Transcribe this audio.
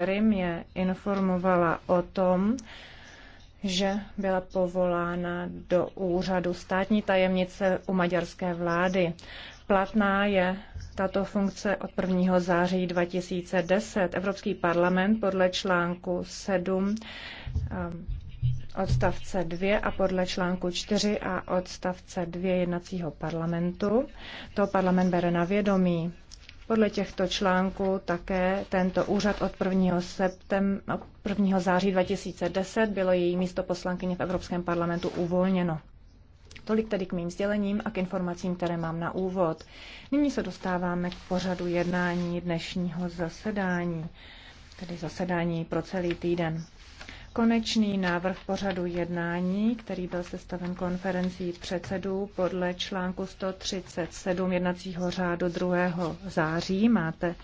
Kerry mě informovala o tom, že byla povolána do úřadu státní tajemnice u maďarské vlády. Platná je tato funkce od 1. září 2010. Evropský parlament podle článku 7 eh, odstavce 2 a podle článku 4 a odstavce 2 jednacího parlamentu to parlament bere na vědomí. Podle těchto článků také tento úřad od 1. Septem, od 1. září 2010 bylo její místo poslankyně v Evropském parlamentu uvolněno. Tolik tedy k mým sdělením a k informacím, které mám na úvod. Nyní se dostáváme k pořadu jednání dnešního zasedání, tedy zasedání pro celý týden. Konečný návrh pořadu jednání, který byl sestaven konferencí předsedů podle článku 137 jednacího řádu 2. září, máte